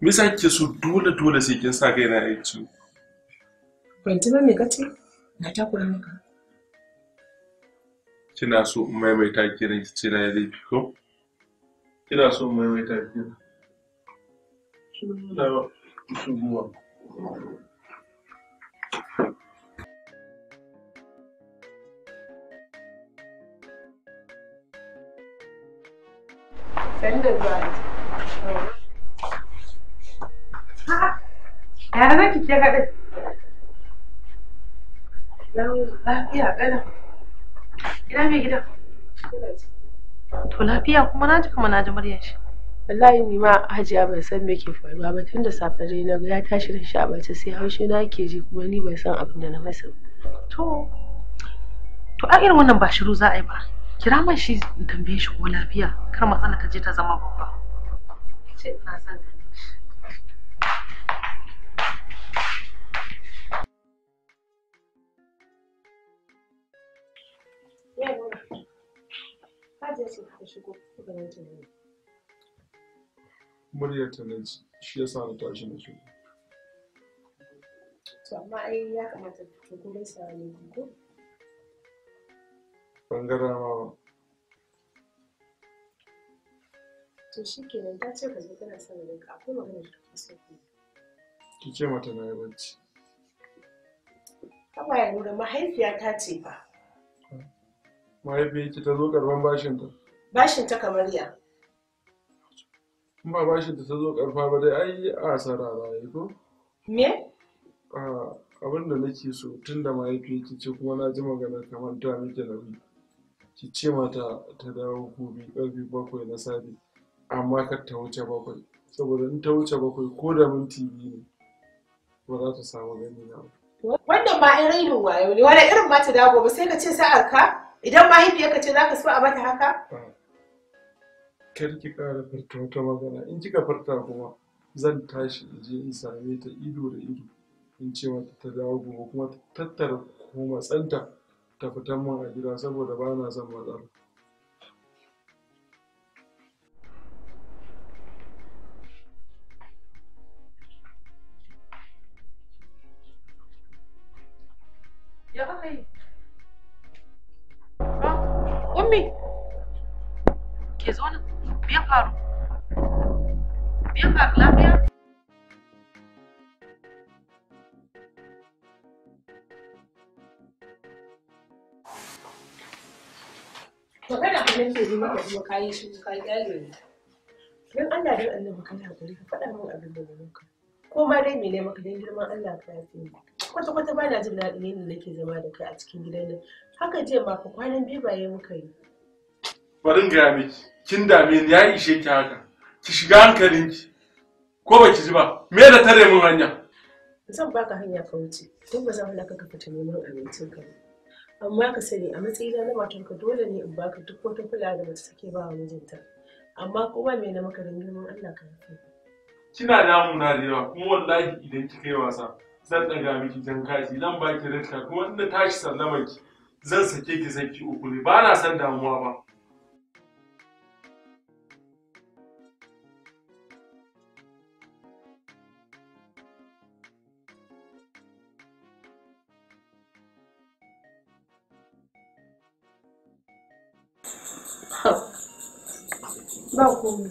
me yasa kike so dole dole sai kin sa kai na aiki ban ji ba me kace na kula maka kina so in maimaita kiran ki ce na yi fiko kina so in maimaita kiran na shigowa Send it back. Yara na kike kaɗai. Lafiya ƙalan. Gida mai gida. To lafiya kuma na ji kuma na ji muryar shi. Wallahi ni ma Hajiya ban san me ke faruwa ba tun da safe dai na ya tashi da bace, sai haushi na ke ji kuma ni ban san abin da na masa To to a irin wannan ba shiru za a yi ba. Kira man shi in tambaye shi ko lafiya kar matsala ta je ta zama babba. muryar ta ne shi ya sa na tashi na shi to amma ai ya kamata ta gurin sa ne ko bangaren rawa to shi kenan ta ce ka zo tana son ganin akwai magana da ta so ki ce mata na yi bacci Kaba ya da mahaifiya ta ce ba. mahaifiyarki ta zo karban bashin ta bashin ta kamar ya ba bashin ta zo karfa ba dai ai a asara rayu ko me abin da nake so tun da mahaifiyarki ce kuma na ji magana kamar ta da ni. ki ce mata ta dawo gobe karfe bakwai na safe amma kar ta wuce bakwai saboda in ta wuce bakwai ko da minti biyu ne ba za ta samu gani na wannan ba irin yiwuwa wayo ne wani irin ba ta dawo ba sai ka ce sa'ar ka idan mahaifiyarka ce za ka so a bata haka kar ki kara farta wata magana in kika furta kuma zan tashi in je in same ta ido da ido in ce mata ta dawo gobe kuma tattara ko matsanta ta fitan mun a gida saboda ba na son matsala nake yi maka kuma ka yi shi ka kyale ni don Allah don annabi kai hakuri ka faɗa min abin da ka ko ma dai mene maka dan girman Allah ka yafe ni kwata kwata ba na jin daɗin yadda nake zama da kai a cikin gidan nan haka je ma ka kwanan biyu ba muka yi bari gaya miki kin dame ni ya ishe ki haka ki shiga hankalinki ko ba ki ji ba me da tare min hanya zan baka hanya ka wuce don ba zan halaka ka fita neman abincin ka ba amma ka sani a matsayina na ka dole ne in baka duk wata kula da mace take ba wa mijinta amma kuma me na maka girman Allah ka yafe kina damuna da yawa kuma wallahi idan kika yi wasa zan daga miki jan kaji zan baki rinka kuma inda tashi sallamar ki zan sake ki saki uku ne ba na san damuwa ba komai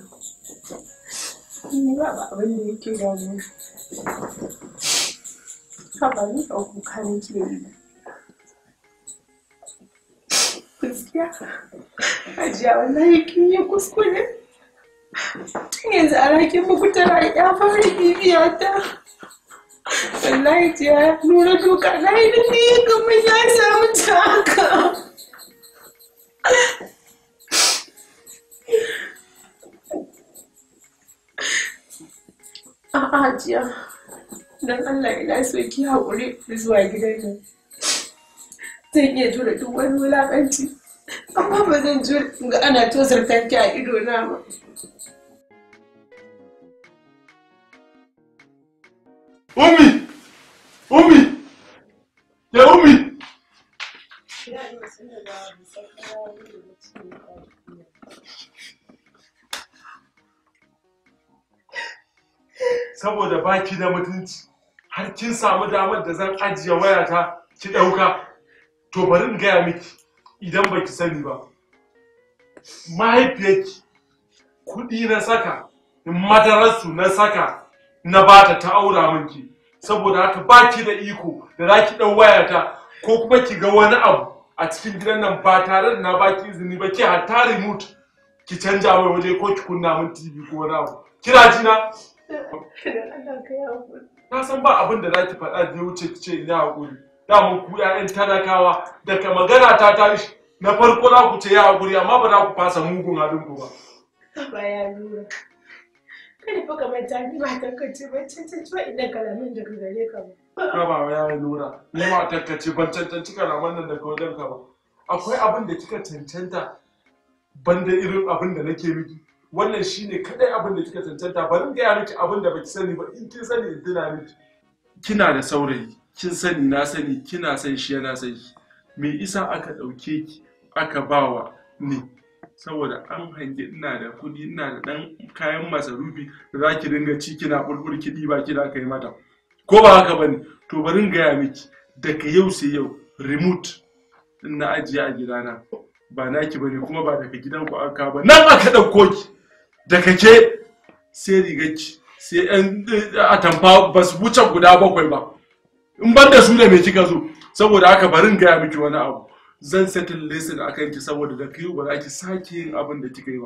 ni ba ba abin da yake damu ka ba ni ba kuka nake yi gaskiya ajiya wallahi kin yi kuskure tun yanzu a rakin muku ya fara bibiya ta wallahi jiya duka na yi da ni ya samu ta haka A'a ajiya don Allah ina so haƙuri da zuwa gidan nan. Zan iya jure duk wani wulaƙanci, amma ba zan jure ga ana tozarta ki a ido na ba. Umi! Umi! Ya Umi! saboda baki da mutunci har kin samu damar da zan ajiye wayata ki ɗauka to bari in gaya miki idan baki sani ba mahaifiyarki kuɗi na saka madararsu na saka na bata ta aura minki saboda haka baki da iko da za ki ɗau wayata ko kuma ki ga wani abu a cikin gidan nan ba tare da na baki izini ba ki hatta remote ki canja mai waje ko ki kunna min tv ko wani abu kira jina Na san ba abin da za ki faɗa da ya wuce ki ce ina haƙuri. Daman ku ‘ya'yan talakawa daga magana ta shi. na farko za ku ce ya haƙuri amma ba za ku fasa mugun halin ku ba. Ba ya nuna. Kada fa ka manta ni ba tankace ban cancanci ba idan kalamin daga gare ka ba. Ka ba ya nuna ni ma tankace ban cancanci kalaman nan daga wajen ka ba. Akwai abin da kika cancanta ban da irin abin da nake miki. wannan shi ne kadai abin da kika cancanta bari gaya miki abin da baki sani ba in kin sani in tuna miki kina da saurayi kin sani na sani kina san shi yana san shi me isa aka ɗauke ki aka bawa ni saboda an hange ina da kuɗi ina da ɗan kayan masarufi da za ki dinga ci kina bulbul kidi ba da kai mata ko ba haka bane to bari gaya miki daga yau sai yau remote na ajiye a gidana ba naki bane kuma ba daga gidanku aka ba nan aka ɗauko ki Dakake ke sai rigarki sai yan eh, atamfa ba su wuce guda bakwai ba in ban da su da me kika zo saboda aka barin gaya miki wani abu zan settle lesson a kanki saboda da kiyu ba za ki sake yin abin da kika yi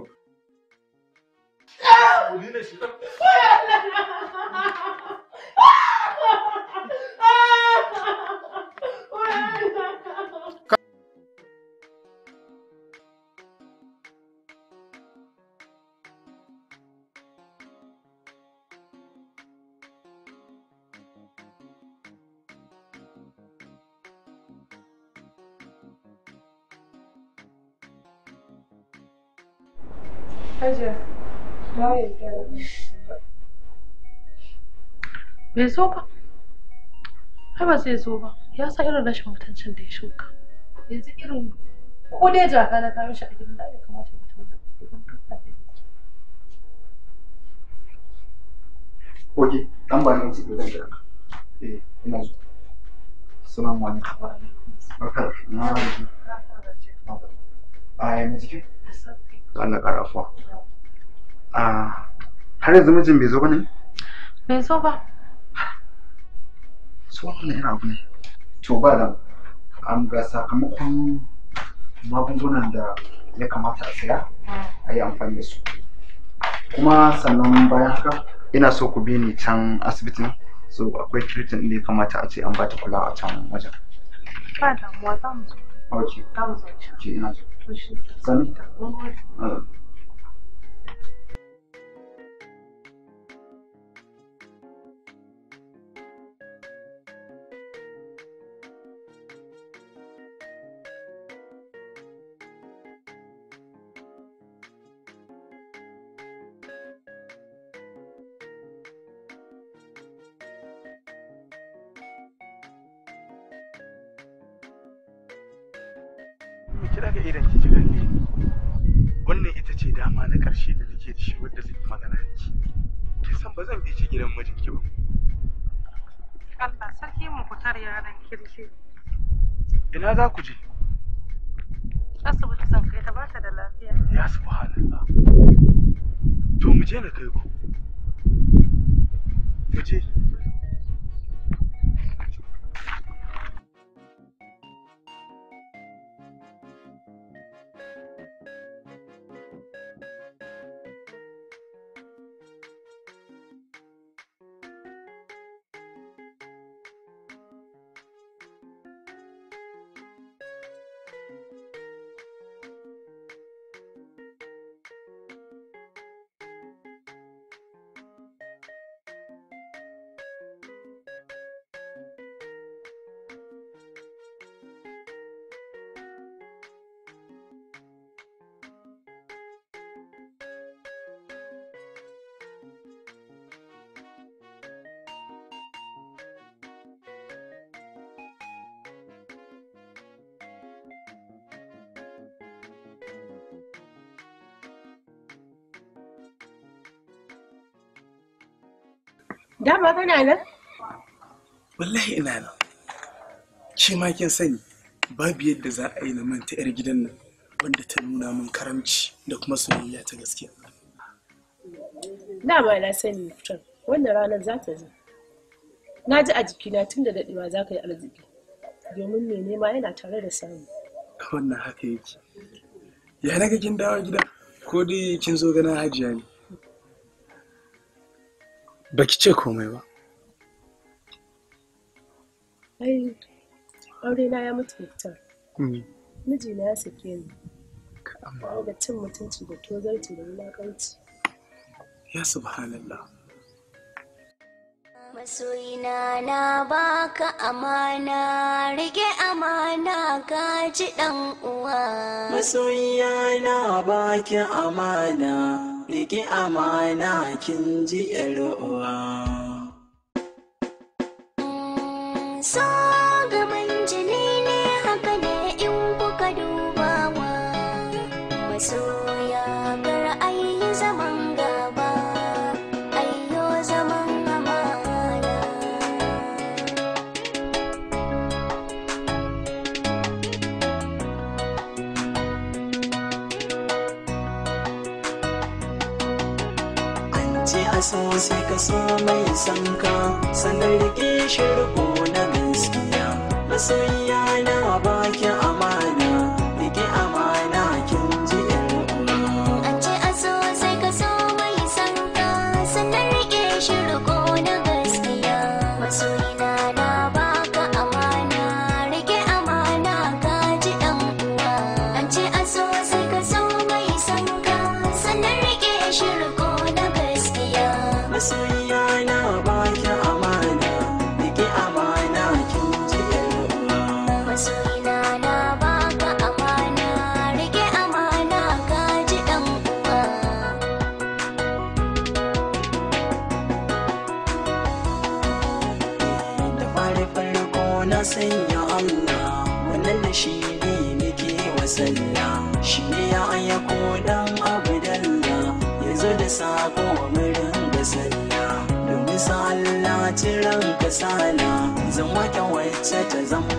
ba (laughs) Bai zo ba. Ai ba zai zo ba. Ya san irin rashin mutuncin da ya shuka. Yanzu irin ko dai jaka na kawo shi a gidan da bai kamata mutum da Oke, dan ba ni cikin zan jira. Eh, ina zo. Assalamu alaikum. Barka. Na ji. Na ji. Ai, me jike? Assalamu wannan karafuwa har yanzu mijin bai zo ba ne bai zo ba su wannan irin abu ne to ba da an ga sakamakon magungunan da ya kamata a saya a yi amfani da su kuma sannan bayan haka ina so ku bi ni can asibitin so akwai treatment da ya kamata a ce an ba ta kula a can wajen ba da, za mu zo ok za zo ina so Sen? Evet. mu kira ga idan ki kalle ni wannan ita ce dama na ƙarshe da nake da shi wadda zan yi magana da ki kin san ba zan bi ki gidan ki ba Allah sarki mu fitar yaran kirshe ina za ku je asibiti zan kai ta bata da lafiya ya subhanallah to mu je na kai ku mu je ba kana nan? Wallahi ina nan. Shi ma kin sani babu yadda za a yi na manta 'yar gidan nan wanda ta nuna min karamci da kuma soyayya ta gaskiya. Na ba na sani mutum wannan ranar za ta zo. Na ji a jikina tun da daɗewa za ka yi arziki domin mai nema yana tare da samu. Wannan haka yake. Ya na kin dawo gida ko dai kin zo gana hajiya ne? baki ce komai ba ai aure na ya mutu Miji mm. mijina ya sake ni amma da cin mutunci da tozarci da wulakanci ya subhanallah masoyina na baka amana rike amana ci dan uwa masoyina na baki amana riƙi amana kin ji 'yar uwa. Mm, so sai ka so mai sanka sanar da ke shirko na gaskiya masoyiya na kasala zan wata wacce ta zama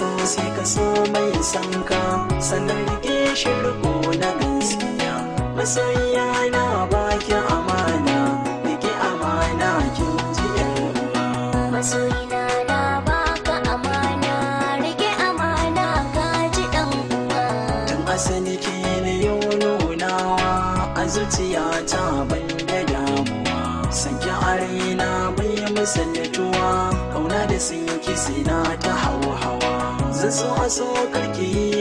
so ka so mai sanka sanar da shi na gaskiya na san so a so